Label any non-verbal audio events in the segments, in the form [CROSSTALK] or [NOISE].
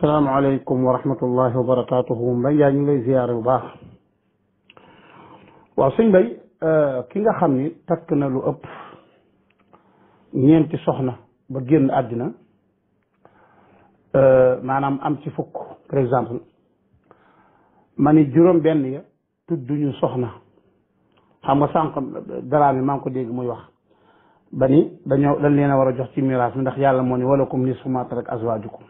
salaamaaleykum wa rahmatullahi wa barakaatuhu mbay yaa ñu ngi lay ziyaare bu baax waaw sëñ mbay euh, ki nga xam ni takk na lu ëpp ñeenti soxna ba génn àddina euh, maanaam am ci fukk par exemple ma ni juróom benn ya tudduñu soxna xam nga sànq daraa mi maa ngi ko dégg muy wax ba ni dañoo dañ leen a war a jox ci miraas mi ndax yàlla moo ni walakum nisfu ma tarak azwaajukum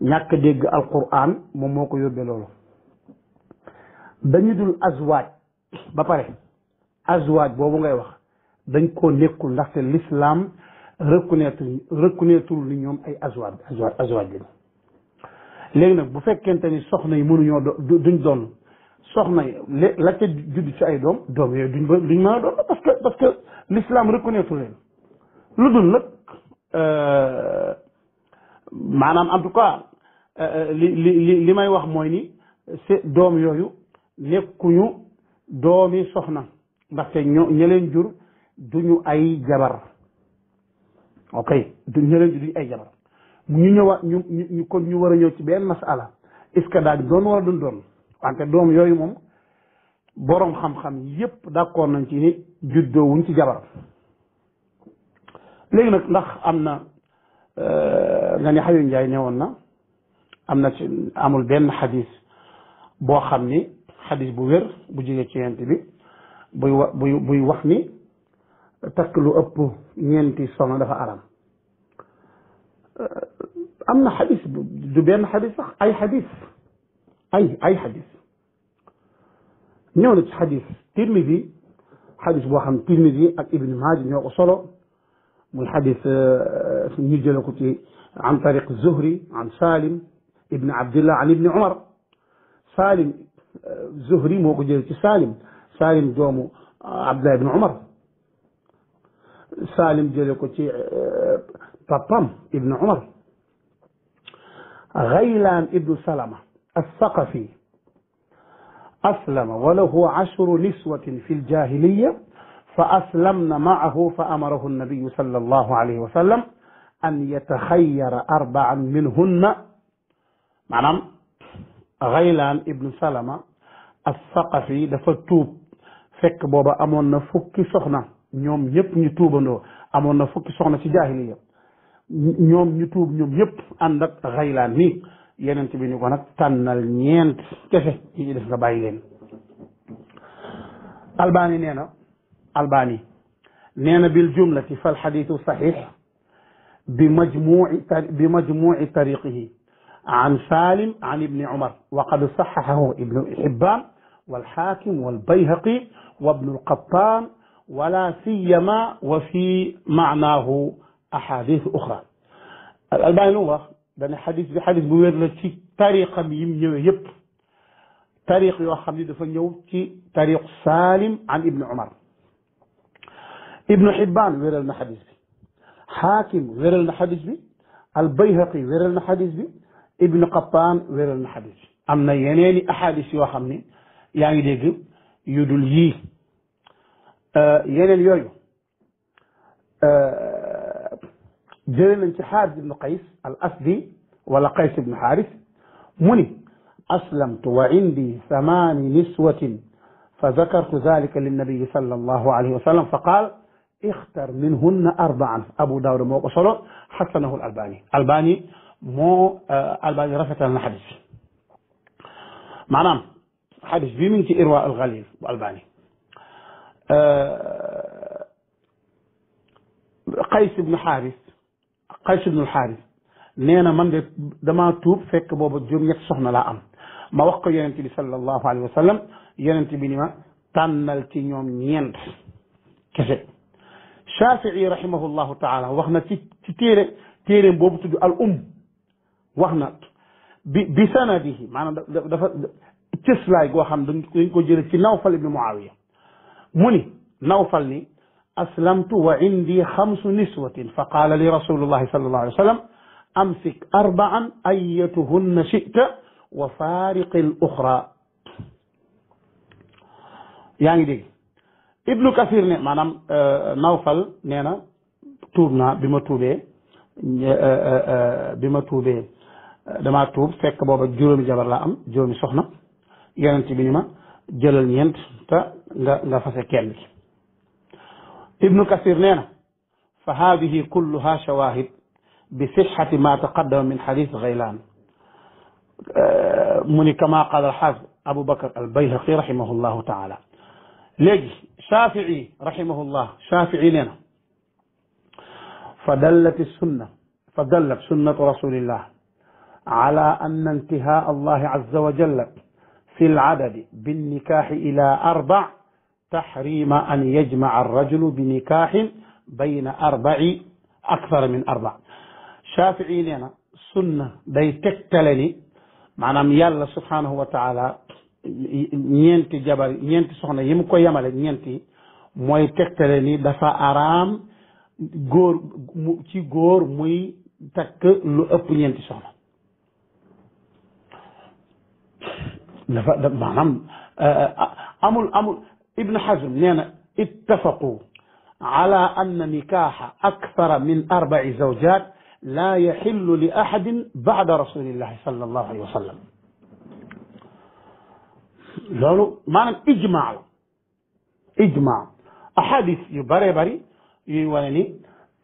ñàkk dégg alquran moom moo ko yóbbee loolu dañu dul azwaaj ba pare azwaaj boobu ngay wax dañ koo nekkul ndaxte l'islam reconnaître reconnaître li ñoom ay azwaaj azwaaj azwaaj lañu léegi nag bu fekkente ni soxna yi mënuñoo do duñ doon soxna yi la ca judd ci ay doom doom yooyu duñ duñ mën a doon parce que parce que l'islam leen lu dul nag euh, maanaam en tout cas euh, euh, li li li may wax mooy ni se doom yooyu nekkuñu doomi soxna ndaxte ñoo ña leen jur duñu ay jabar ok du ña leen jur duñu ay ñu ñëwaat ñu ñu kon ñu war a ñëw ci benn masala est-ce que daal doon wala duñ doon wante doom yooyu moom boroom xam-xam yépp d'accord nañ ci ni juddoo wuñ ci jabar léegi nag ndax am na Euh, nga ni xayu njaay ne na am na ci amul benn xadis boo xam ni xadis bu wér bu jógee ci yent bi buy wa buy buy wax ni takk lu ëpp ñeenti soxna dafa aram euh, am na xadis du benn xadis sax ay xadis ay ay xadis ñëw na ci xadis tirmidi xadis boo xam tirmidi ak ibn maaji ñoo ko solo muy xadis euh, euh, ñu jële ko ci an tariq Zuhri an Salim ibn Abdillah an ibni Umar Salim euh, Zuhri moo ko jële ci Salim Salim doomu Abdillah ibn Umar Salim jële ko ci papam ibn Umar Ghaylan ibn Salama as-Saqafi aslama wa lahu ashru niswatin fi al-jahiliyya fa aslamna maahu fa amarahu nabiyu sallallahu alayhi wa sallam an yataxayyara arbaan maanaam Ghaylaan ibnu Salama as-Saqafi dafa tuub fekk booba amoon na fukki soxna ñoom ñëpp ñu tuubandoo amoon na fukki soxna ci jaahiliya ñoom ñu tuub ñoom ñëpp ànd ak Ghaylaan yeneen bi ni ko nag tànnal ñeent kese yi def nga bàyyi leen. Albani nee albani nee na bil jumlati fal xadiisu saxiix bi majmuuci bi majmuuci tariqihi an Salim an ibni Umar waqad saxaxahu ibnu Xibbaan wal xaakim wal bayhaqi wabnu Qattaan wala siyama wa fi maanaahu axaadiis uxra albani lu mu wax dana xadis bi xadis bu wér la ci tariqam yi mu ñëwee yëpp tariq yoo xam ne dafa ñëw ci tariq Salim an ibni Umar ibnu Xibbaan wéral na xadis bi xaakim wéral na xadis bi albayhaqi wéral na xadis bi ibnu Qattaan wéral na xadis bi am na yeneeni axadis yoo xam ne yaa ngi dégg yu dul yii euh, yeneen yooyu euh, jële nañ ci xaaris ibnu qays al asdi wala qays ibnu xaaris mu ni aslamtu wa indi samaani niswatin fa zakartu zalika linnabiyi sallallahu alayhi wa sallam fa qaal ixtar minhunna arbaan Abu Daawuda moo ko solo xasanahu Albani Albani moo Albani rafetal na xadis maanaam xadis bii mi ngi ci Irwa al-Ghalil bu Albani Qays ibnu Xaaris Qays ibnu Xaaris nee na man de damaa tuub fekk booba juróom-ñetti soxna laa am ma wax ko yonent bi sallallahu alayhi wa sallam yonent bi ni ma tànnal ci ñoom ñeent kese. Shafii rahimahullahu taala wax na ci ci téere téereem boobu tudd al um wax na bi bi sanadihi maanaam dafa cëslaay goo xam dañ ko jële ci Nawfal ibni Muawiya mu ni Nawfal ni aslamtu wa indi xamsu niswatin fa qaala li rasulillahi sallallahu alayhi wa sallam amsik arbaan ayatuhunna chita wa faariqi al uxra yaa ngi dégg ibnu kasir ne maanaam euh, nawfal nee na tuub naa bi ma tuubee euh, euh, bi ma tuubee damaa tuub fekk booba juróomi jabar laa am juróomi soxna yonent bi ñu ma jëlal ñeent te nga nga fase kenn ki ibnu kasir nee na fa haadihi kulluha shawahid bi sixati ma taqaddama min xadis gaylaan mu ni kama qaala alxaafid abu bakar al bayhaqi rahimahullahu taala léegi shafii rahimahullah shafii nee na fa dallat sunna fa dallat sunnatu rasulillah ala anna intihaa allahi azza wa jalla fi l-adadi bin-nikaahi ilaa arbac taxriima an yajmaca ar-rajulu binikaahin bayna arbaci akthara min arbac shafii nee na sunna day tegtale ni maanaam yàlla subhaanahu wa taala ñeenti jabar ñeenti soxna yi mu ko yemale ñeenti mooy tegtale ni dafa araam góor mu ci góor muy takk lu ëpp ñeenti soxna dafa maanaam eh, amul amul ibn Hazm nee na ittafaqu ala anna nikaaxa akthara min arba'i zawjaat laa yaxillu li ahadin ba'da rasulillahi sallallahu alayhi wa sallam loolu maanaam ijmaa la ijmaa ahadis yu bëree bëri yuy wane ni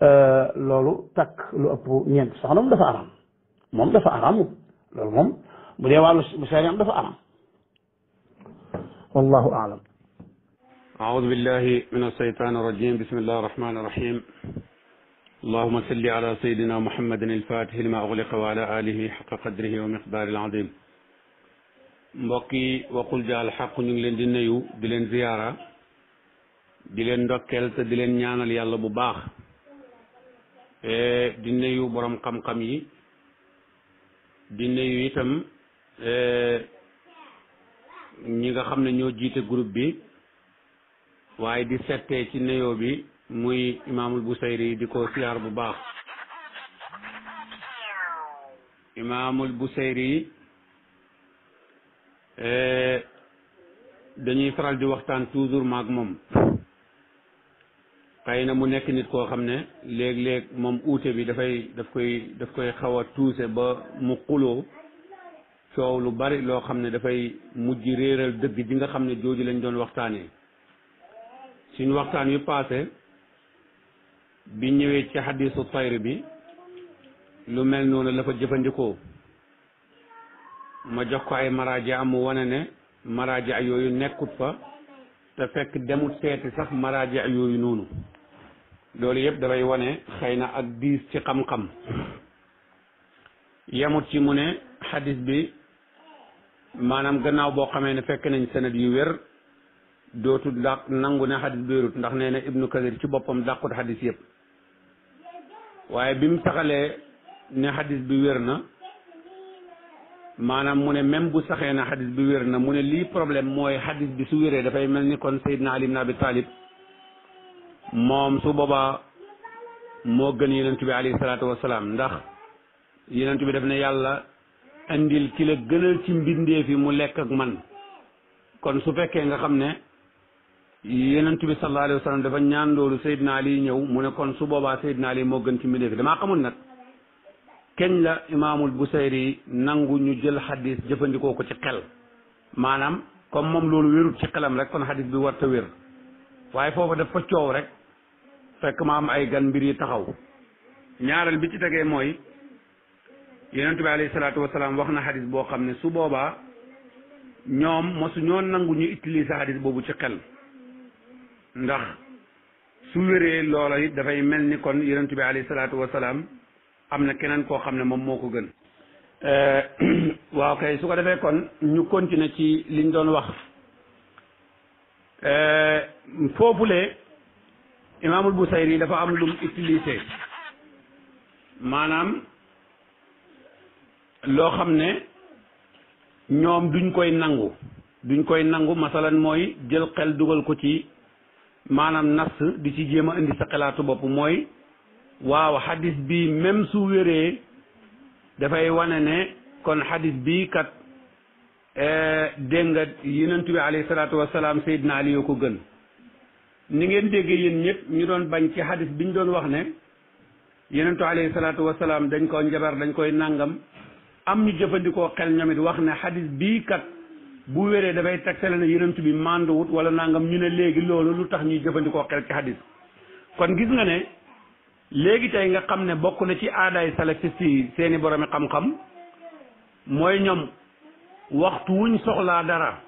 euh, loolu takk lu ëpp ñeent soxna moom dafa araam moom dafa araam loolu moom bu dee wàllu sharia am dafa araam wallahu aalam أعوذ بالله من الشيطان الرجيم بسم الله الرحمن الرحيم اللهم صل على سيدنا محمد الفاتح لما أغلق وعلى آله حق قدره ومقداره العظيم mbokk yi waxul jaal xaq ñu ngi leen di nuyu di leen ziyaara di leen ndokkeel te di leen ñaanal yàlla bu baax e, di nuyu boroom xam-xam yi di nuyu itam e, ñi nga xam ne ñoo jiite groupe bi waaye di settee ci nuyoo bi muy imaamul Busayri di ko siyaar bu baax imaamul Busayri Eh, dañuy faral di waxtaan toujours maag moom xëy na mu nekk nit koo xam ne léeg-léeg moom uute bi dafay daf koy daf koy xaw a tuuse ba mu xuloo coow lu bari loo xam ne dafay mujj réeral dëgg ji nga xam ne jooju lañ doon waxtaane suñ waxtaan yu paase bi ñëwee ci xadisu tayr bi lu mel noonu la fa jëfandikoo ma jox ko ay maraaja mu wane ne maraaja yooyu nekkut fa te fekk demut seeti sax maraaja yooyu noonu loolu yëpp dafay wane xëy na ak diis ci xam-xam yemut ci mu ne xadis bi maanaam gannaaw boo xamee ne fekk nañ sanad yu wér dootu dàq nangu ne xadis bi ndax nee na ibnu kasir ci boppam dàqut xadis yépp waaye bi saxalee ne xadis bi wér na maanaam mu ne même bu saxee na xadis bi wér na mu ne lii problème mooy xadis bi su wéree dafay mel ni kon Seydina Ali ibn Abi Talib moom su boobaa moo gën yonent bi alayhi salaatu wasalaam ndax yonent bi daf ne yàlla andil ki la gënal ci mbindeef yi mu lekk ak man kon su fekkee nga xam ne yonent bi sallallahu alayhi wa sallam dafa ñaan loolu Seydina Ali ñëw mu ne kon su boobaa naa lii moo gën ci mbindeef yi damaa xamul nag keñ la imaamul Busayri nangu ñu jël xadiis jëfandikoo ko ci xel maanaam comme moom loolu wérut ci xelam rek kon xadis bi warta wér waaye foofu daf fa coow rek fekk ma am ay gan mbir yi taxaw ñaareel bi ci tegee mooy yonent bi alayhi salaatu wasalaam wax na xadis boo xam ne su boobaa ñoom mosu ñoo nangu ñu utiliser xadis boobu ci xel ndax su wéree loola it dafay mel ni kon yonent bi alayhi salaatu wasalaam am na keneen koo xam ne moom moo ko gën eh, [CLEARS THROAT] waaw kay su ko defee kon ñu continuer ci liñ doon wax eh, foofulee imaamul Busayri dafa am lum utilisé maanaam loo xam ne ñoom duñ koy nangu duñ koy nangu masalan mooy jël xel dugal ko ci maanaam nas di ci jéem a indi sa xalaatu bopp mooy waaw xadis bii même su wéree dafay wane ne kon xadis bi kat eh, dégg nga yonent bi alayhi salaatu wasalaam Seydina Ali yoo ko gën ni ngeen déggee yéen ñëpp ñu doon bañ ci xadis bi ñu doon wax ne yonentu alayhi salaatu wasalaam dañ ko njabar dañ koy nangam am ñu jëfandikoo xel ñoom wax ne xadis bii kat bu wéree dafay tegtale ne yonent bi mànduwut wala nangam ñu ne léegi loolu lu tax ñuy jëfandikoo xel ci xadis kon gis nga ne léegi tey nga xam ne bokk na ci aadaay salafiste yi seeni boromi xam-xam mooy ñoom waxtu wuñ soxlaa dara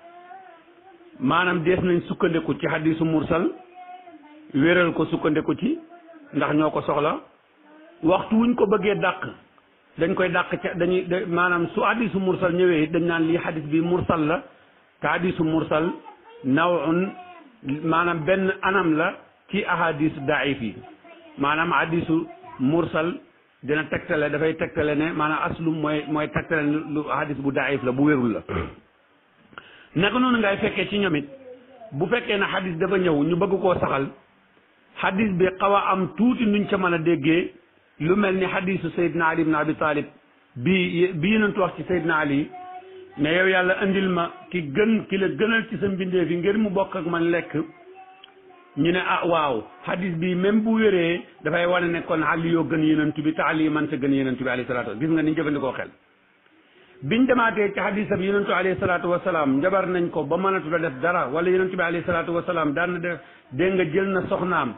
maanaam dees nañ sukkandiku ci hadisu mursal wéral ko sukkandiku ci ndax ñoo ko soxla waxtu wuñ ko bëggee dàq dañ koy dàq ca dañuy maanaam su hadisu mursal ñëwee dañ naan lii hadis bi mursal la te hadisu mursal nawun maanaam benn anam la ci ahadis daif yi maanaam hadisu mursal dina tegtale dafay tegtale ne maanaam aslum mooy mooy tegtale ne lu hadis bu daif la bu wérul la [COUGHS] naka noonu ngay fekkee ci ñomit bu fekkee na hadis dafa ñëw ñu bëgg koo saxal hadis bi xaw a am tuuti nuñ ca mën a déggee lu mel ni hadisu Seydina Ali ibn Abi Talib bi bi yenentu wax ci Seydina Ali ne yow yàlla indil ma ki gën ki la gënal ci sa mbindeef yi ngir mu bokk ak man lekk ñu ne ah waaw hadis bi même bu wéree dafay wane nekkoon kon Ali yoo gën yonent bi te yi man sa gën yonent bi alayhi salaatu gis nga ni jëfandikoo xel biñ demaatee ci hadisam yonentu alayhi salaatu wasalaam njabar nañ ko ba mënatu la def dara wala yonentu bi alayhi salaatu wasalaam daan na def dégg nga jël na soxnaam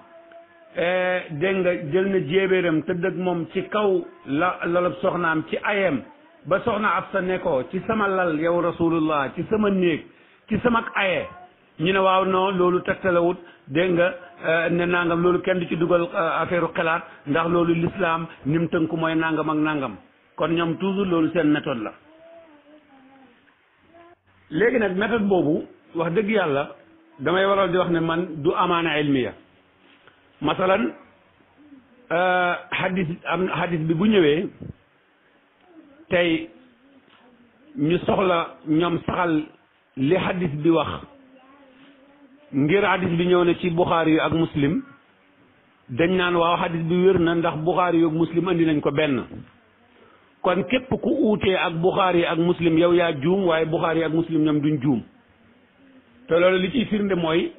eh, dégg nga jël na jéebéeram tëdd ak moom ci kaw la lalab soxnaam ci ayem ba soxna ab sa nekkoo ci sama lal yow rasulullah ci sama néeg ci sama aye ñu ne waaw non loolu tegtalawut dégg nga euh, ne nangam loolu kenn du ci dugal euh, affaire xalaat ndax loolu lislaam ni mu tënku mooy nangam ak nangam kon ñoom toujours loolu seen méthode la léegi nag méthode boobu wax dëgg yàlla damay waral di wax ne man du amaana ilmiya masalan euh, hadis am hadis bi bu ñëwee tey ñu soxla ñoom saxal li hadis bi wax ngir hadis bi ñëw ne ci buxaari yu ak muslim dañ naan waaw hadis bi wér na ndax buxaari yu ak muslim andi nañ ko benn kon képp ku uutee ak buxaari ak muslim yow yaa juum waaye buxaari ak muslim ñoom duñ juum te loolu li ciy firnde mooy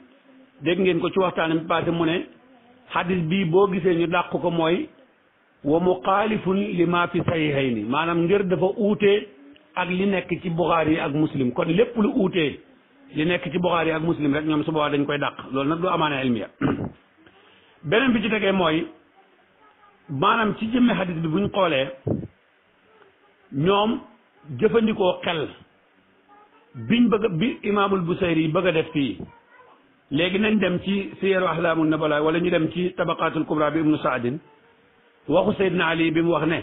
dégg ngeen ko ci waxtaan bi passé mu ne hadis bi boo gisee ñu dàq ko mooy wa xaalifu li maa fi sahihay ni maanaam ngir dafa uutee ak li nekk ci buxaari ak muslim kon lépp lu uutee li nekk ci Buxaari ak muslim rek ñoom su boobaa dañ koy dàq loolu nag du amaana ilmiya [CLEARS THROAT] beneen bi ci tegee mooy maanaam ci jëmme xadis bi buñ xoolee ñoom jëfandikoo xel biñ bëgg bi imaamul Busayri yi bëgg a def fii léegi nañ dem ci siyaru ahlaamul nabala wala ñu dem ci tabaqaatul kubra bi ibnu saadin waxu saydna ali bi mu wax ne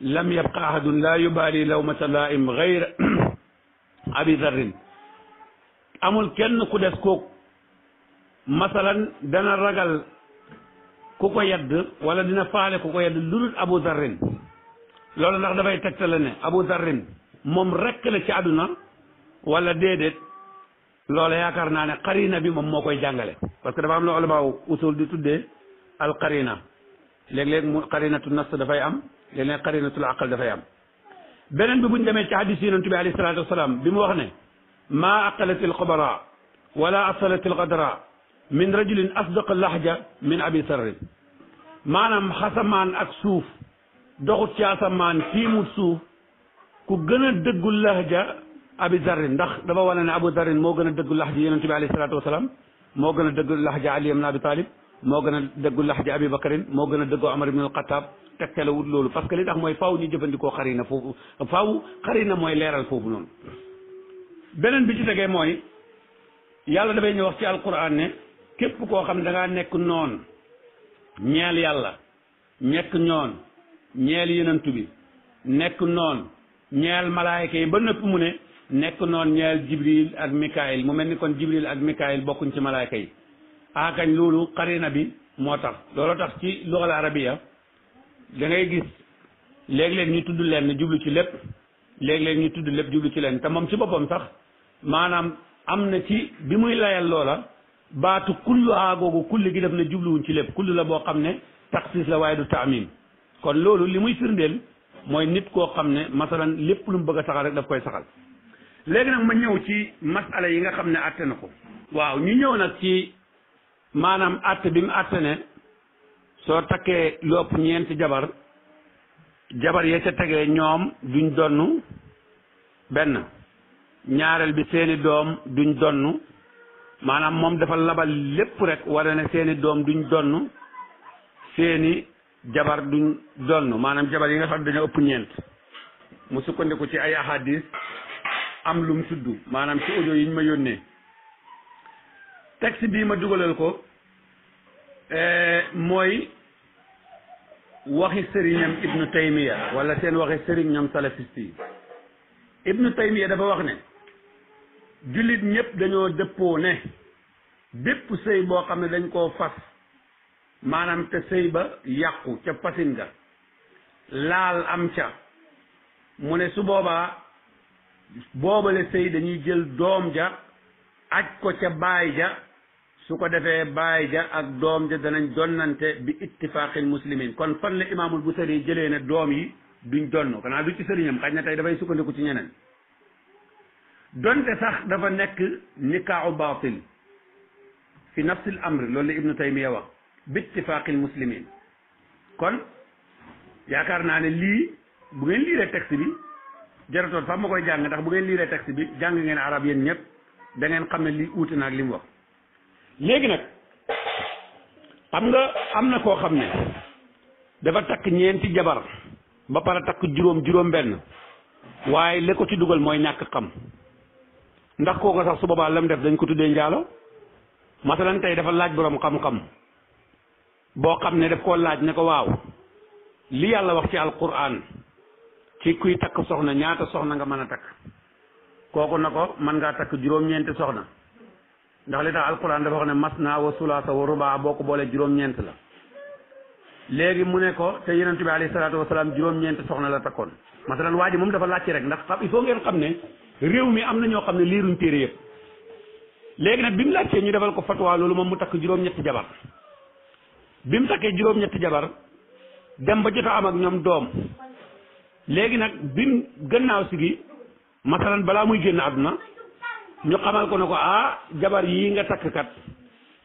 lam yabqa ahadun la yubaali lawmata laaim gayra [CLEARS THROAT] abi darrin amul kenn ku des kooku masalan dana ragal ku ko yedd wala dina faale ku ko yedd lu dul abu darrin loolu ndax dafay tegtale ne abu darrin moom rekk la ci àdduna wala déedéet loola yaakaar naa ne qarina bi moom moo koy jàngale parce que dafa am lu ulamaaw usul di tuddee al qarina léeg-léeg mu qarinatu nas dafay am léeg-léeg qarinatul aqal dafay am beneen bi buñ demee ci hadis yonent bi alayhi salaatu wasalaam bi mu wax ne ma aqalat alxubara wala asalat alxadra min rajulin asdaq lahja min abi sarrin maanaam xasamaan ak suuf doxut ci asamaan tiimut suuf ku gën a dëggu lahja abi zarrin ndax dafa wane ne abu zarrin moo gën a dëggu lahja yonente bi alayhi salaatu wasalaam moo gën a dëggu lahja ali ibn abi talib moo gën a dëggu lahja abi bakarin moo gën a dëggu omar ibn alxataab tegtale wut loolu parce que li tax mooy faaw ñu jëfandikoo xarina foofu faaw xarina mooy leeral foofu noonu beneen bi ci tegee mooy yàlla dafay ñu wax ci alquran ne képp koo xam ne da ngaa nekk noon ñeel yàlla nekk ñoon ñeel yenantu bi nekk noon ñeel malaayka yi ba nëpp mu ne nekk noon ñeel jibril ak mikaayil mu mel ni kon jibril ak mikaayil bokkuñ ci malaayka yi aakañ ah, loolu xarina bi moo tax loolu tax ci luxal arabiya da gis léeg-léeg ñu tudd leen jublu ci lépp léeg-léeg ñu tudd lépp jublu ci leen te moom ci boppam sax maanaam am na ci bi muy layal loola baatu kullu aagoogu kulli gi def na jubluwuñ ci lépp kullu la boo xam ne taxsis la waaye du taamim kon loolu li muy firndeel mooy nit koo xam ne masalan lépp lu mu bëgg saxal rek daf koy saxal léegi nag ma ñëw ci masala yi nga xam ne àtte na ko waaw ñu ñëw nag ci maanaam àtte bi mu àtte ne soo takkee lopp ñeenti jabar jabar yee ca tegee ñoom duñ donn benn ñaareel bi seeni doom duñ donn maanaam moom dafa labal lépp rek wara ne seeni doom duñ donn seeni jabar duñ donn maanaam jabar yi nga xam dañoo ëpp ñeent mu sukkandiku ci ay ahadis am lum tudd maanaam ci audio yi ñu ma yónnee texte bii ma dugalal ko eh, mooy waxi sëriñam ibnu taymiya wala seen waxi sëriñ ñoom salafiste yi ibnu taymiya dafa wax ne jullit ñépp dañoo dëppoo ne bépp sëy boo xam ne dañ koo fas maanaam te sëy ba yàqu ca pasin ga laal am ca mu ne su boobaa boobale sëy dañuy jël doom ja aj ko ca baay ja su ko defee baay ja ak doom ja danañ donnante bi ittifaaqil muslimin kon fan la imaamul Busiri jëlee ne doom yi duñ donn kanaa du ci sëriñam xaj na tey dafay sukkandiku ci ñeneen donte sax dafa nekk nikaahu baatil fi nafsil amr loolu la ibnu taymiya wax bittifaaqil muslimin kon yaakaar naa ne lii bu ngeen liiree texte bi jaratoon sax ma koy jàng ndax bu ngeen liiree texte bi jàng ngeen arab yéen ñëpp da xam ne lii uuti naa li mu wax léegi nag xam nga am na koo xam ne dafa takk ñeenti jabar ba pare takk juróom juróom benn waaye li ko ci dugal mooy ñàkk xam ndax ko sax su boobaa mu def dañ ko tuddee njaalo masalan tey dafa laaj borom xam-xam boo xam ne daf koo laaj ne ko waaw li yàlla wax ci alquran ci kuy takk soxna ñaata soxna nga mën a takk kooku na ko mën ngaa takk juróom-ñeenti soxna ndax li tax alquran dafa wax ne mas naa wa sulaasa wa rubaa boo ko boolee juróom-ñeent la léegi mu ne ko te yonent bi alayhi salaatu wasalaam juróom-ñeenti soxna la takkoon masalan waa ji moom dafa réew mi am na ñoo xam ne liiruñ téere yëpp léegi nag bi mu laajtee ñu defal ko fatwa loolu moom mu takk juróom-ñetti jabar bi mu takkee juróom-ñetti jabar dem ba jot a am ak ñoom doom léegi nag bi mu gannaaw si gi masalan balaa muy génn àdduna ñu xamal ko ne ko ah jabar yii nga takk kat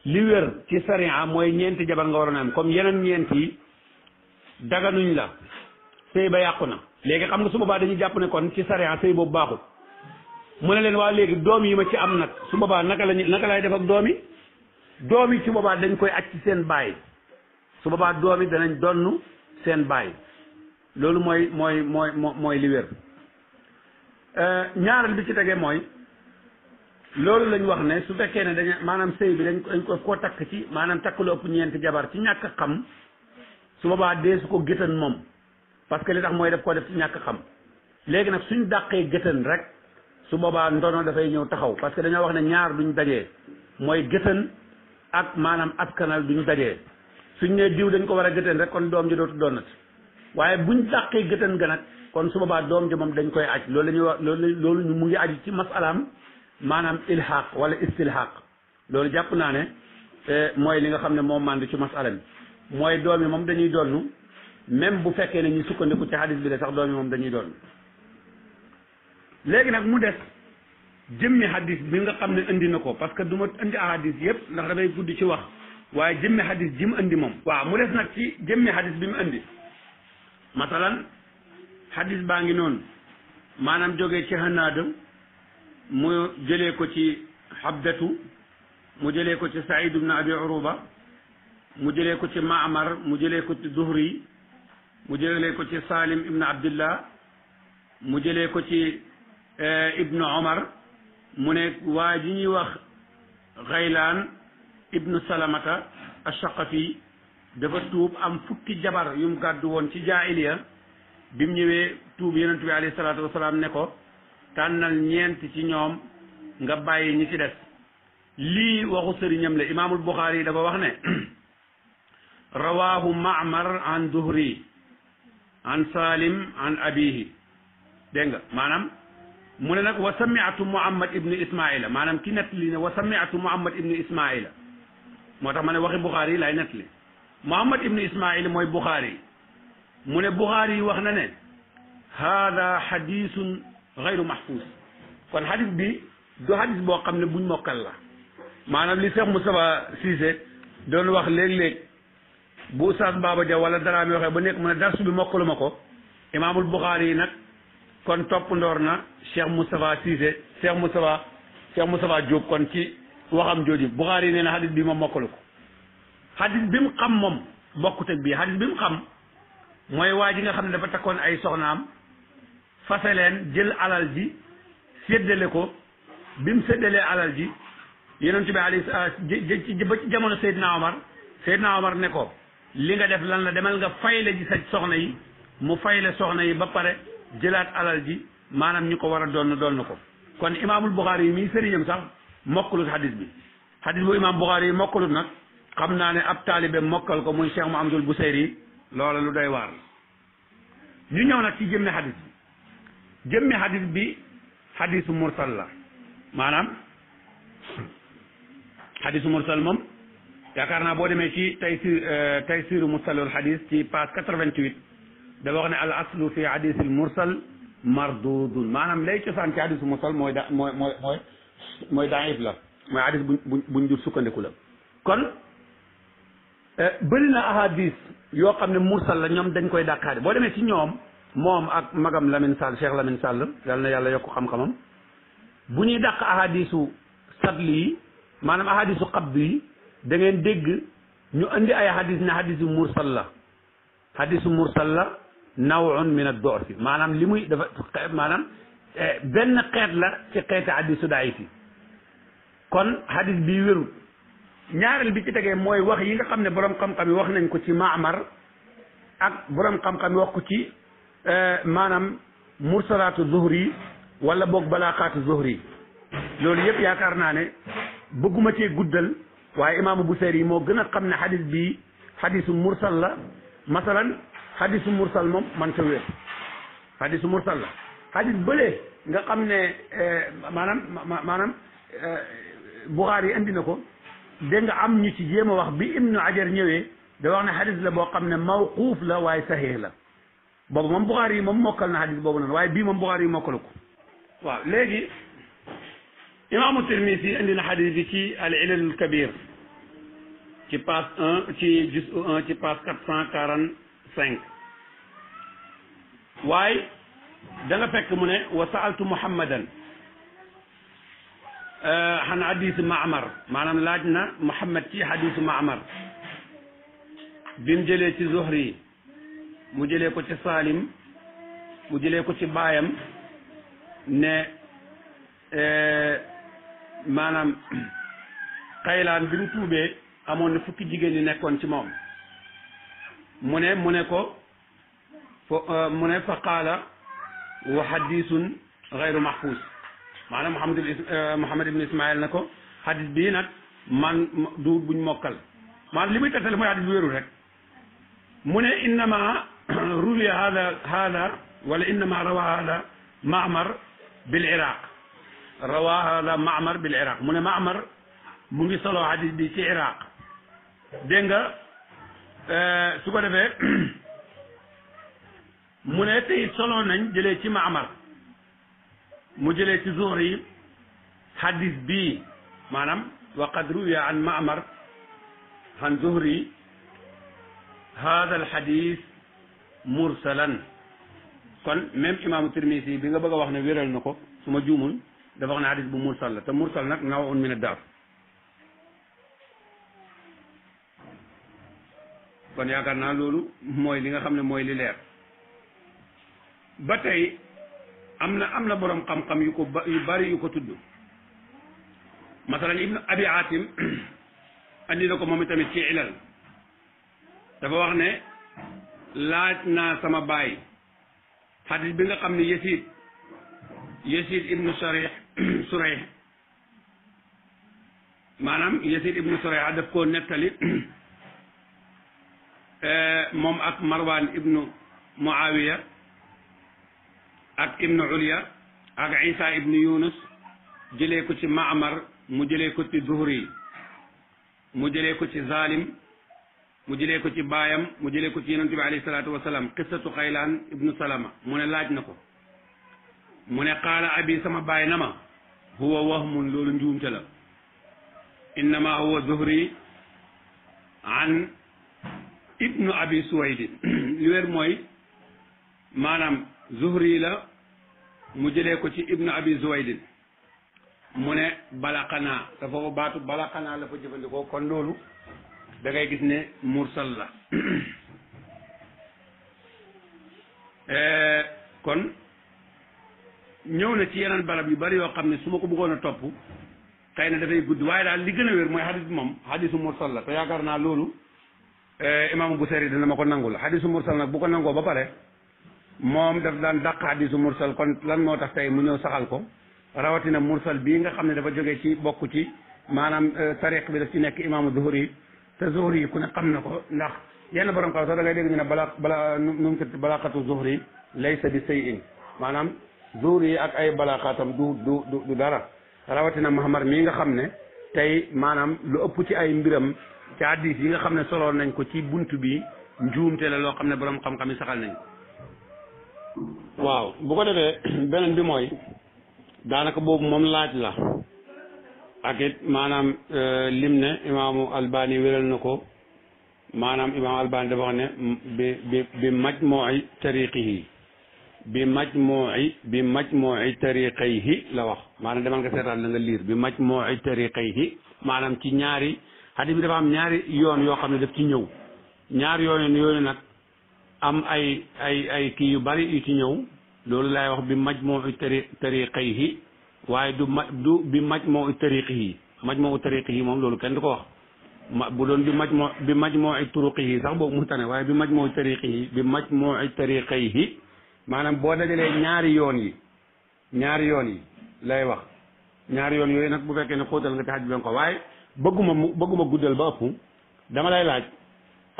li wér ci sariya mooy ñeenti jabar nga waroon am comme yeneen ñeent yi daganuñ la sëy ba yàqu na léegi xam nga su baa dañu jàpp ne kon ci sariya sëy boobu baaxul mu ne leen waa léegi doom yi ma ci am nag su boobaa naka lañu naka lay def ak doomi doom yi ci boobaa dañ koy aj ci seen baay su boobaa doom yi danañ donn seen baay loolu mooy mooy mooy mooy li wér euh, ñaareel bi ci tege mooy loolu lañ wax ne su fekkee ne dañ maanaam sëy bi dañ ko dañ ko koo takk ci maanaam takk lu ëpp ñeenti jabar ci ñàkk xam su boobaa dee su ko géttan moom parce que li tax mooy def ko def ci ñàkk xam léegi nag suñ dàqee géttan rek su boobaa ndono dafay ñëw taxaw parce que dañoo wax ne ñaar duñ dajee mooy gëtën ak maanaam ab askanal duñ dajee suñ ne diw dañ ko war a gëtën rek kon doom ji doon nag waaye buñ dàqee gëtën ga kon su boobaa doom ji moom dañ koy aj loolu la ñuy wax loolu loolu mu ngi aju ci masalaam maanaam ilhaq wala istilhaq loolu jàpp naa ne eh, mooy li nga xam ne moo mànd ci masala mi mooy doom yi moom dañuy donnu même bu fekkee ne ñu sukkandiku ci hadis bi de sax doom yi moom dañuy donnu léegi nag mu des jëmmi hadis bi nga xam ne indi na ko parce que du ma indi ahadis yëpp ndax dafay gudd ci wax waaye jëmmi hadis ji mu indi moom. waaw mu des nag ci jëmmi hadis bi andi indi masalan hadis baa ngi noonu maanaam jógee ci Hanaada mu jëlee ko ci Habdatu mu jëlee ko ci Saïd ibn Abi Uruba mu jëlee ko ci Maamar mu jëlee ko ci Duhri mu jëlee ko ci Salim ibn Abdillah mu jëlee ko ci. Eh, ibnu omar mu ne waa ji ñuy wax xaylaan ibnu salamata ashaqafi dafa tuub am fukki jabar yum gàddu woon ci jaahiliya bi mu ñëwee tuub yonent bi alayhi salaatu wasalaam ne ko tànnal ñeent ci ñoom nga bàyyi ñi ci des lii waxu sëriñam la imaamul buxaari dafa wax ne [CLEARS THROAT] rawaahu maamar an duhri an salim an abihi dégg nga maanaam mu ne nag wa samiatu muhammad ibnu ismaila maanaam ki nett li ne wa samiatu muhammad ibnu ismaila moo tax ma ne waxi buxaari yi laay nett li muhammad ibnu ismaila mooy buxaari yi mu ne buxaari yi wax na ne haada xadisun gayru mahfuus kon xadis bi du xadis boo xam ne buñ mokkal la maanaam li Cheikh Moustapha Cissé doon wax léeg-léeg bu Oustaz Baba Dia wala daraami waxee ba nekk mu ne darsu bi mokkaluma ko imaamul buxaari yi nag kon topp ndoor na Cheikh Moustapha Cissé Cheikh Moustapha Cheikh Moustapha Diop kon ci waxam jooju Bukhari nee na xadis bi moom mokkalu ko xadis bi mu xam moom bokkute bii xadis bi mu xam mooy waa ji nga xam ne dafa takkoon ay soxnaam fase leen jël alal ji séddale ko bi mu séddalee alal ji yonent bi ali ba ci jamono Seydina Omar Seydina Omar ne ko li nga def lan la demal nga fayle ji sa soxna yi mu fayle soxna yi ba pare jëlaat alal ji maanaam ñi ko war a doon doon ko kon imaamul Buxaari yi mii sëriñam sax mokkalut hadis bi hadis bu imaam Buxaari yi mokkalut nag xam naa ne ab taalibe mokkal ko muy Cheikh Muhammadul Busayri loola lu doy waar ñu ñëw nag ci jëmmi hadis bi jëmmi hadis bi hadisu mursal la maanaam hadisu mursal moom yaakaar naa boo demee ci tey si euh, tey siru musalul hadis ci page quatre-vingt-huit dafa wax ne al aslu fi hadisil mursal mardudun maanaam lay cosaan ci hadisu mursal mooy da mooy mooy mooy daa daif la mooy hadis bu buñ sukkandiku la kon eh, bëri na ahadis yoo xam ne mursal la ñoom dañ koy dàqaade boo demee ci ñoom moom ak magam Lamine Sall Cheikh Lamine Sall yal na yàlla yokk xam-xamam bu ñuy dàq ahadisu sadli yi maanaam ahadisu qabdu yi da dégg ñu indi ay ahadis ne hadisu mursal la hadisu mursal la nawun min ad-du'fi maanaam li muy dafa maanaam eh, benn xeet la ci xeeti hadiisu daif yi kon hadis bi wérul ñaareel bi ci tegee mooy wax yi nga xam ne borom xam-xam yi wax nañ ko ci Maamar ak borom xam-xam yi wax ko ci eh, maanaam mursalaatu zuhri wala boog balaaqaatu zuhri loolu yëpp yaakaar naa ne bëgguma cee guddal waaye imaamu Buseyri yi moo gën a xam ne hadis bi hadisu mursal la masalan xadisu mursal moom man ta wér xadisu mursal la xadis bële nga xam ne eh, maanaam maanaam eh, Buxaari yi andi na ko dégg nga am ñu ci jéem a wax bi Ibnu Hajar ñëwee da wax ne xadis la boo xam ne mawquuf la waaye saxiix la boobu moom Buxaari yi moom mokkal na xadis boobu noonu waaye bii moom Buxaari yi mokkalu ko waaw léegi imaamu Tirmisi indi na xadis bi ci al ilalul kabir ci passe un ci juz un ci passe quatre cent quarante cinq waaye da fekk mu ne wa saaltu muhammadan euh, xan hadisu maamar maanaam laaj na muhammad ci hadisu maamar bim jëlee ci zuhri mu jëlee ko ci salim mu jëlee ko ci baayam ne euh, maanaam xaylaan [CLEARS THROAT] bi mu tuubee amoon na fukki jigéen ñi nekkoon ci moom mu ne mu ne ko euh, mu ne fa qaala wa hadisun gayru mahfuz maanaam Mouhamad Mouhamad ibn euh, Ismaïl na ko hadis bii nag man du buñ mokkal maanaam li muy tattale mooy hadis bi wérul rek mu ne innama [CLEARS THROAT] ruwiya hada hada wala innama rawa hada Maamar bil Iraq rawa hada Maamar bil Iraq mu ne Maamar mu ngi solo hadis bi ci Iraq dégg nga Euh, su ko defee [CLEARS THROAT] mu ne tey solo nañ jëlee ci Maamar mu jëlee ci Zuhri yi hadis bii maanaam wa qad ruwiya an Maamar an Zuhri hada al hadis mursalan kon même imaamu Tirmisi bi nga bëgg a wax ne wéral na ko su ma juumul dafa wax ne hadis bu mursal la te mursal nag nawun min ad-da'f kon yaakaar naa loolu mooy li nga xam ne mooy li leer ba tey am na am na boroom xam-xam yu ko bari yu ko tudd masalan ibnu abi atim [CLEARS THROAT] andi na ko moom itamit ci ilal dafa wax ne laaj naa sama baay xadis bi nga xam ne yasid yasid ibnu sarih [CLEARS THROAT] surayh maanaam yasid ibnu surayh daf koo nettali [CLEARS THROAT] Eh, moom ak marwan ibnu muawiya ak ibnu ulya ak isa ibnu yunus jëlee ko ci maamar mu jëlee ko ci zuhri mu jëlee ko ci zalim mu jëlee ko ci baayam mu jëlee ko ci yonente bi alayhi salaatu wasalaam qissatu xaylaan ibnu salama mu ne laaj na ko mu ne qaala abi sama baay na ma huwa wahmun loolu njuumte la innama huwa zuhri an ibnu abi suwaydi [CLEARS THROAT] li wér mooy maanaam zuhri la mu jëlee ko ci ibnu abi suwaydin mu ne balaxanaa te foofu baatu balaxanaa la fa jëfandikoo kon loolu da ngay gis ne mursal la [CLEARS THROAT] eh, kon ñëw na ci yeneen barab yu bari yoo xam ne su ma ko bëggoon a topp xëy na dafay gudd waaye daal li gën a wér mooy xadis moom xadisu mursal la te yaakaar naa loolu Eh, imaamu Buseyri dana ma ko nangul xadisu mursal nag bu ko nangoo ba pare moom daf daan dàq xadisu mursal kon lan moo tax tey mu ñëw saxal ko rawatina mursal bii nga xam ne dafa jóge ci bokk ci maanaam eh, tariq bi daf ci nekk imaamu Zuhri te Zuhri yi ku ne xam na ko ndax yenn borom kaw sax da ngay dégg ñu ne bala bala nu mu balaqatu Zuhri laysa bi sayin maanaam Zuhri yi ak ay balaqatam du du dara rawatina Mahmar mii nga xam ne tey maanaam lu ëpp ci ay mbiram. ci hadis yi nga xam ne soloon nañ ko ci bunt bi njuumte la loo xam ne boroom xam-xam yi saxal nañ waaw bu ko defee [CLEARS THROAT] beneen bi mooy daanaka boobu moom laaj la ak it maanaam euh, lim ne imaamu albani wéral na ko maanaam imaamu albani dafa wax ne bi bi bi majmuu'i tariqihi bi majmuu'i bi majmuu'i tariqayhi la wax maanaam demal nga seetaan la nga liir bi majmuu'i tariqayhi maanaam ci ñaari xadis bi dafa am ñaari yoon yoo xam ne daf ci ñëw ñaar yoon yooyu nag am ay ay ay kii yu bari yu ci ñëw loolu laay wax bi majmuu tari tariqayhi waaye du ma du bi majmuu tariqihi majmuu tariqihi moom loolu kenn du ko wax ma bu doon bi majmuu bi majmuu turuqihi sax boobu mu tane waaye bi majmuu tariqihi bi majmuu tariqayhi maanaam boo ñaari yoon yi ñaari yoon yi lay wax ñaari yoon yooyu nag bu fekkee ne xóotal nga ci xaj bi ko waaye bëgguma mu bëgguma guddal ba ëpp dama lay laaj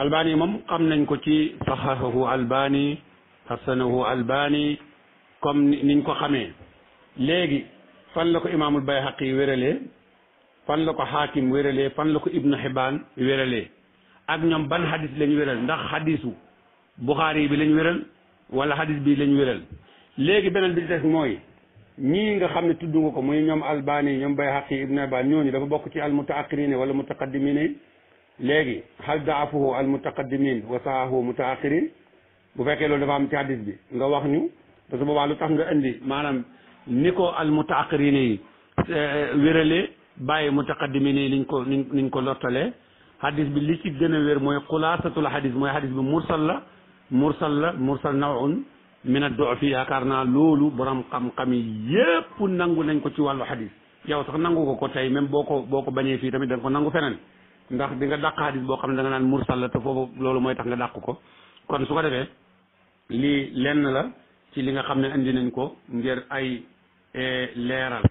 albani moom xam nañ ko ci saxahahu albani xasanahu albani comme niñ ko xamee léegi fan la ko imaamul bayhaqi wéralee fan la ko xaakim wéralee fan la ko ibnu xibaan wéralee ak ñoom ban xadis lañ wéral ndax xadisu buxaari bi lañ wéral wala xadis bi lañ wéral léegi beneen bi des mooy ñii nga xam ne tudd nga ko muy ñoom albani ñoom bayhaqi ibn aban ñooñu dafa bokk ci almutaaxiriin wala mutaqaddimiin yi léegi hal daafuhu almutaqaddimiin wa sahahu mutaaxiriin bu fekkee loolu dafa am ci hadis bi nga wax ñu parce que boobaa lu tax nga indi maanaam ni ko almutaaxiriin yi eh, wérale bàyyi mutaqaddimiin yi liñ ko niñ ko lottalee hadis bi li ci gën a wér mooy xulaasatul hadis mooy hadis bi mursal la mursal la mursal nawun mina doo fi yaakaar naa loolu borom xam-xam yi yépp nangu nañ ko ci wàllu xadis yow sax nangu ko ko tey même boo ko boo ko bañee fii tamit da ko nangu feneen ndax di nga dàq xadis boo xam ne danga nga naan mursal la te foofu loolu mooy tax nga dàq ko kon su ko defee lii lenn la ci li nga xam ne indi nañ ko ngir ay e, leeral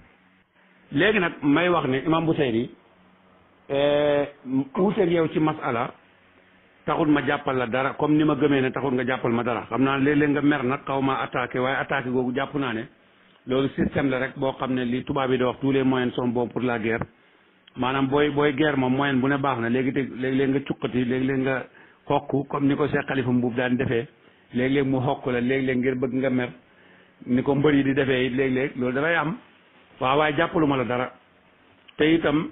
léegi nag may wax ne imam Busayri e, wuuteeg yow ci masala taxul ma jàppal la dara comme ni ma gëmee ne taxul nga jàppal ma dara xam naa léeg-léeg nga mer na xaw ma attaqué waaye attaqué googu jàpp naa ne loolu système la rek boo xam ne li tubaab yi di wax tous les moyens sont pour la guerre maanaam booy booy guerre moom moyen bu ne baax na léegi te léeg-léeg nga cuqati léeg-léeg nga xokk comme ni ko Cheikh Khalifa Mbuub daan defee léeg-léeg mu xokk la léeg-léeg ngir bëgg nga mer ni ko mbër yi di defee it léeg-léeg loolu dafay am waaw waaye la dara te itam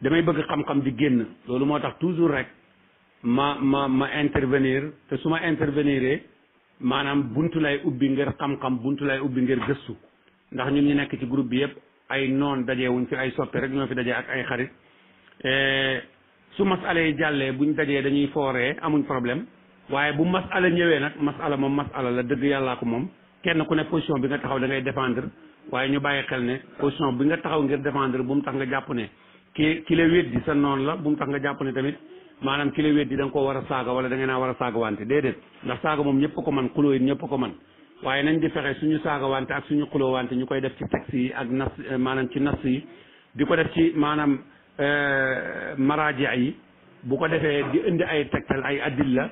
damay bëgg xam-xam génn loolu moo tax toujours rek ma ma ma intervenir te su ma intervenir maanaam buntu lay ubbi ngir xam-xam buntu lay ubbi ngir gëstu ndax ñun ñu nekk ci groupe bi yëpp ay noon dajewuñ fi ay soppe rek ñoo fi dajee ak ay xarit eh, su masala yi jàllee buñ dajee dañuy fooree amuñ problème waaye bu masala ñëwee nag masala moom masala la dëgg yàllaa ko moom kenn ku ne position bi nga taxaw da ngay défendre waaye ñu bàyyi xel ne position bi nga taxaw ngir defendre bu mu tax nga jàpp ne ki ki la weddi sa noon la bu mu tax nga tamit maanaam ki la weddi da war a saaga wala da ngeen a war a saaga wante déedéet ndax saaga moom ñëpp ko man xuloo it ñëpp ko man waaye nañ di fexe suñu saaga wante ak suñu xuloo wante ñu koy def ci texte yi ak nas eh, maanaam ci nas yi di ko def ci maanaam eh, maraaja yi bu ko defee di indi ay tegtal ay adilla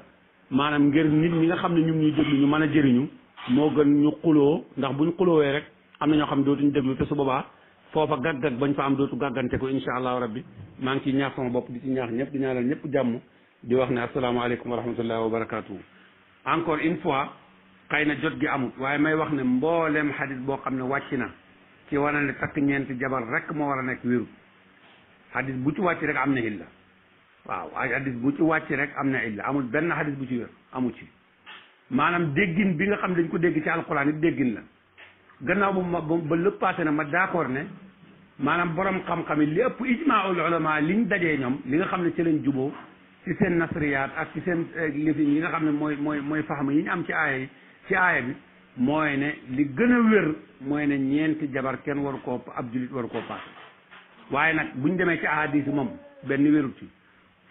maanaam ngir nit ñi nga xam ne ñun ñuy déglu ñu mën a jëriñu moo gën ñu xuloo ndax bu buñ xuloowee rek am na ñoo xam ne dootuñu déglu te su boobaa foofa gàggag bañ fa am dootu gàggante ko incha allahu rabbi maa ngi ciy ñaax sama bopp di ci ñaax ñëpp di ñaanal ñëpp jàmm di wax ne asalaamaaleykum wa rahmatullahi wa barakaatuhu encore une fois xëy na jot gi amut waaye may wax ne mbooleem xadis boo xam ne wàcc na ci wane ne takk ñeenti jabar rek moo war a nekk wéru xadis bu ci wàcc rek am na illa waaw xadis bu ci wàcc rek am na illa amul benn xadis bu ci wér amu ci maanaam déggin bi nga xam lañ ko dégg ci alquran déggin la gannaaw ba ma ba lépp passé na ma d'accord ne maanaam borom xam-xam yi lépp ijmaaul ulama liñ dajee ñoom li nga xam ne ci lañ jubo ci seen nasriyaat ak ci seen eh, lifi yi nga xam ne mooy mooy mooy faxam yi ñu am ci aaya yi ci aaya bi mooy ne li gën a wér mooy ne ñeenti jabar kenn waru ko ab julit waru koo paase waaye nag buñ demee ci ahadis moom benn wérut ci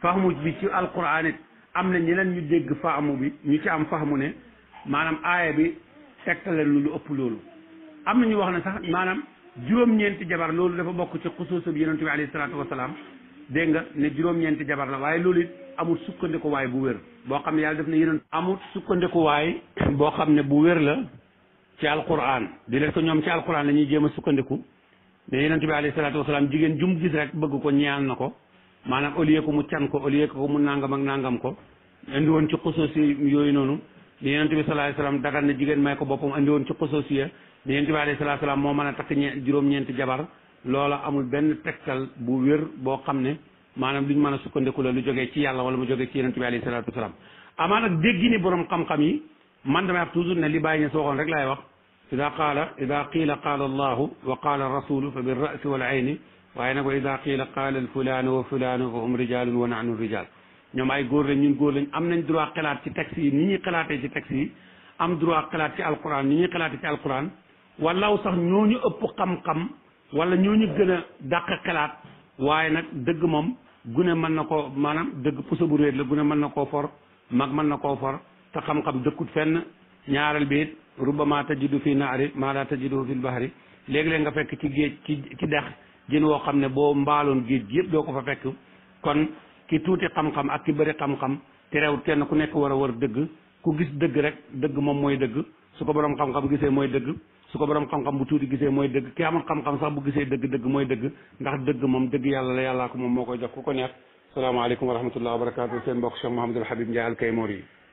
faxamu bi ci alquran it am na ñeneen ñu dégg faxamu bi ñu ci am faxamu ne maanaam aaya bi tegtale lu ëpp loolu am na ñu wax na sax maanaam juróom-ñeenti jabar loolu dafa bokk ci xusuusam yonent bi alayhi salaatu wasalaam dégg nga ne juróom-ñeenti jabar la waaye loolu it amul sukkandikuwaay bu wér boo xam ne yàlla def na yonent amul sukkandikuwaay boo xam ne bu wér la ci alquran di leen ko ñoom ci alquran la ñuy jéem a sukkandiku ne yonent bi alayhi salaatu wasalaam jigéen jum gis rek bëgg ko ñaan na ko maanaam au lieu mu can ko au lieu que mu nangam ak nangam ko indi woon ci xusuus yooyu noonu li yonent bi sallallahu alayhi wasallam dagal na jigéen may ko boppam andi woon ci xususiya li yonent bi alayhi salaam moo mën a takk ñe juróom-ñeenti jabar loola amul benn tegtal bu wér boo xam ne maanaam lu ñu mën a sukkandiku la lu jógee ci yàlla wala mu jógee ci yonent bi alayhi salaatu wasalaam amaa nag déggi ni borom xam-xam yi man damay wax toujours ne li bàyyi ña waxoon rek laay wax ida qaala ida qiila qaala allahu wa qaala rasulu fa bir rasi wal ayni waaye nag wa ida qiila qaala al fulaanu wa fulaanu fa hum rijalun wa nahnu rijal ñoom ay góor lañ ñu góor lañu am nañ droit xalaat ci texte yi ni ñuy xalaatee ci texte yi am droit xalaat ci alquran ni ñuy xalaatee ci alquran walaw sax ñoo ñu ëpp xam-xam wala ñoo ñu gën a daq xalaat waaye nag dëgg moom gune mën na ko maanaam dëgg puso bu réer la gune mën na koo for mag mën na koo for te xam-xam dëkkut fenn ñaareel bi it rubama tajidu fi naari maa laa tajidu fil bahri léegi-léeg nga fekk ci géej ci ci dex jën woo xam ne boo mbaaloon géej gi doo ko fa fekk ki tuuti xam-xam ak ki bëri xam-xam terewut kenn ku nekk war a war dëgg ku gis dëgg rek dëgg moom mooy dëgg su ko borom xam-xam gisee mooy dëgg su ko borom xam-xam bu tuuti gisee mooy dëgg ki amul xam-xam sax bu gisee dëgg dëgg mooy dëgg ndax dëgg moom dëgg yàlla la yàllaa ko moom moo ko jox ku ko neex salaamaaleykum wa rahmatullah wa barakaatu seen mbokk Cheikh Mouhamadul Habib Ndiaye al Kaymoor yi